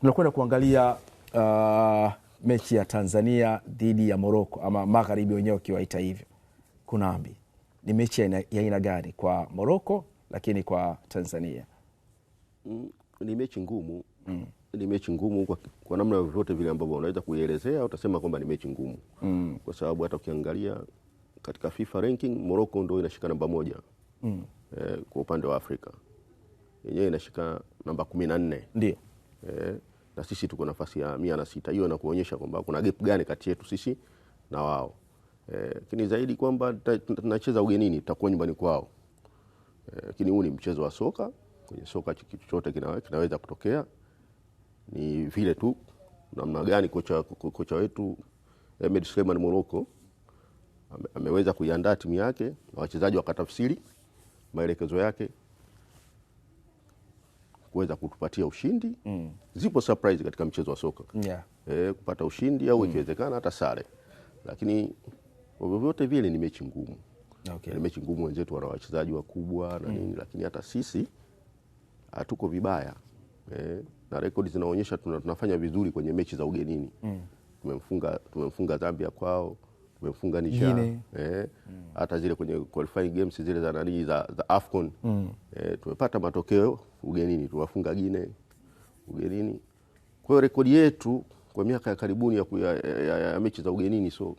tunakwenda kuangalia uh, mechi ya Tanzania dhidi ya Moroko ama magharibi wenyewe wakiwaita hivyo. Kunambi, ni mechi ya aina gani kwa Moroko lakini kwa Tanzania? Mm, ni mechi ngumu mm. Ni mechi ngumu kwa, kwa namna vyovyote vile ambavyo unaweza kuielezea, utasema kwamba ni mechi ngumu mm. Kwa sababu hata ukiangalia katika FIFA ranking Moroko ndio inashika namba moja mm. Eh, kwa upande wa Afrika yenyewe inashika namba kumi na nne ndio eh, na sisi tuko nafasi ya mia na sita. Hiyo nakuonyesha kwamba kuna gap gani kati yetu sisi na wao, e, lakini e, zaidi kwamba tunacheza ugenini, tutakuwa nyumbani kwao, e, lakini e, huu ni mchezo wa soka. Kwenye soka kitu chochote kina, kinaweza kutokea. Ni vile tu namna gani kocha, kocha wetu Ahmed Suleiman Moroko ameweza kuiandaa timu yake na wachezaji wakatafsiri maelekezo yake kuweza kutupatia ushindi mm. Zipo surprise katika mchezo wa soka yeah. E, kupata ushindi au mm. ikiwezekana hata sare, lakini vyovyote vile ni mechi ngumu okay. Ni mechi ngumu, wenzetu wana wachezaji wakubwa na mm. nini mm. lakini hata sisi hatuko vibaya e, na rekodi zinaonyesha tunafanya vizuri kwenye mechi za ugenini mm. Tumemfunga, tumemfunga Zambia kwao tumemfunga Niger eh, mm. hata mm. zile kwenye qualifying games zile za nani za, za AFCON mm. eh, tumepata matokeo ugenini, tuwafunga Gine ugenini. Kwa hiyo rekodi yetu kwa miaka ya karibuni ya, ya, ya, ya mechi za ugenini sio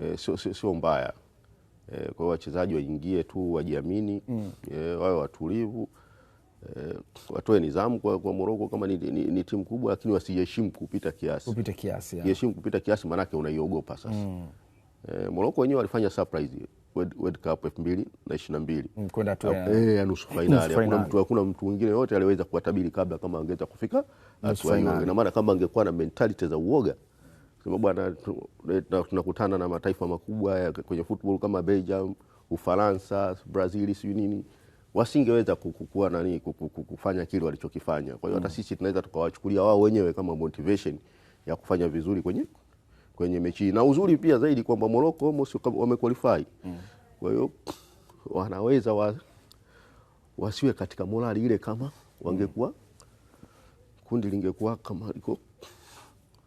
e, eh, so, so, so mbaya e, kwa hiyo wachezaji waingie tu wajiamini mm. E, wawe watulivu e, watoe nidhamu kwa, kwa Moroko kama ni, ni, ni timu kubwa, lakini wasiheshimu kupita kiasi, kupita kiasi, heshimu kupita kiasi, maanake unaiogopa sasa mm. E, Moroko wenyewe walifanya surprise World, Cup elfu mbili na ishirini na mbili mm, kwenda hatua eh, ya nusu fainali. Hakuna mtu hakuna mtu mwingine yote aliweza kuwatabiri kabla kama angeweza kufika hatua hiyo, ina maana kama angekuwa na mentality za uoga sema bwana, eh, tunakutana na mataifa makubwa kwenye football kama Belgium, Ufaransa, Brazil, sijui nini wasingeweza kukua nani kufanya kile walichokifanya. Kwa hiyo hata mm. sisi tunaweza tukawachukulia wao wenyewe kama motivation ya kufanya vizuri kwenye kwenye mechi na uzuri pia zaidi kwamba Morocco almost wamequalify mm. Kwa hiyo wanaweza wa, wasiwe katika morali ile kama wangekuwa kundi lingekuwa kama liko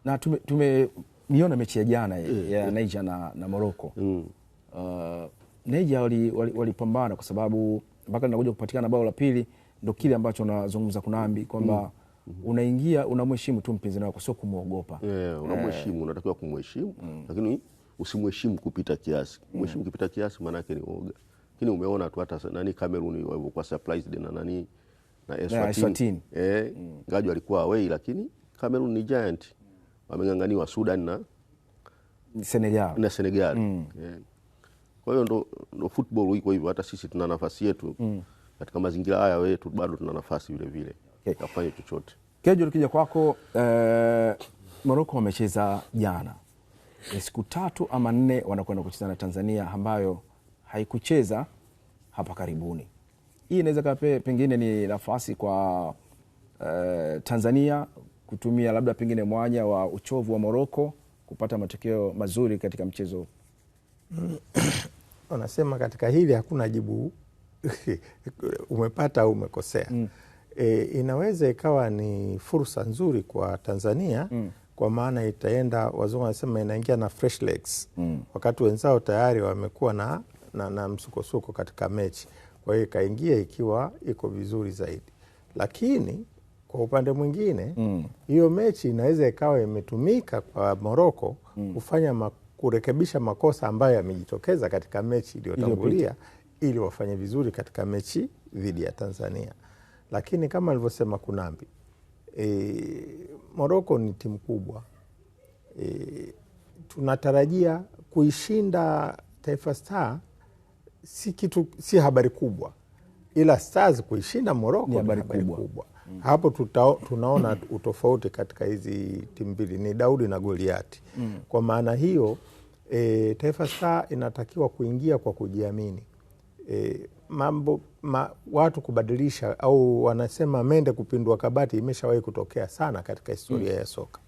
na tumeniona tume, mechi ya jana e, ya e, Niger na, na Morocco mm. Uh, Niger walipambana wali kwa sababu mpaka linakuja kupatikana bao la pili, ndo kile ambacho unazungumza kunambi kwamba mm. unaingia unamheshimu tu mpinzani wako, sio kumwogopa. Yeah, unamheshimu, unatakiwa kumheshimu mm. lakini usimheshimu kupita kiasi. Mheshimu kupita kiasi maana yake ni oga. Lakini umeona tu hata nani Cameroon walivyokuwa surprised na nani na Eswatini. Eh, mm. Ngaju alikuwa away lakini Cameroon ni giant. Wameng'ang'aniwa Sudan na Senegal. Na Senegal. Mm. Yeah. Kwa hiyo ndo, ndo football iko hivyo, hata sisi tuna nafasi yetu mm. katika mazingira haya wetu bado tuna nafasi vile vile okay. ya chochote. Kejo, tukija kwako, eh, Morocco wamecheza jana Eh, siku tatu ama nne wanakwenda kucheza na Tanzania ambayo haikucheza hapa karibuni. Hii inaweza kaa pengine ni nafasi kwa uh, Tanzania kutumia labda pengine mwanya wa uchovu wa Moroko kupata matokeo mazuri katika mchezo Wanasema katika hili hakuna jibu umepata au umekosea. Mm. E, inaweza ikawa ni fursa nzuri kwa Tanzania mm kwa maana itaenda, wazungu wanasema inaingia na fresh legs mm. wakati wenzao tayari wamekuwa na, na, na msukosuko katika mechi, kwa hiyo ikaingia ikiwa iko vizuri zaidi, lakini kwa upande mwingine mm. hiyo mm. mechi inaweza ikawa imetumika kwa Moroko mm. kufanya ma, kurekebisha makosa ambayo yamejitokeza katika mechi iliyotangulia ili wafanye vizuri katika mechi dhidi ya Tanzania, lakini kama alivyosema Kunambi E, Moroko ni timu kubwa e, tunatarajia kuishinda Taifa Star si kitu, si habari kubwa, ila Stars kuishinda Moroko ni habari, habari kubwa, kubwa. Mm. Hapo tuta, tunaona utofauti katika hizi timu mbili ni Daudi na Goliati. Mm. Kwa maana hiyo e, Taifa Star inatakiwa kuingia kwa kujiamini e, mambo ma, watu kubadilisha au wanasema mende kupindua kabati imeshawahi kutokea sana katika historia mm. ya soka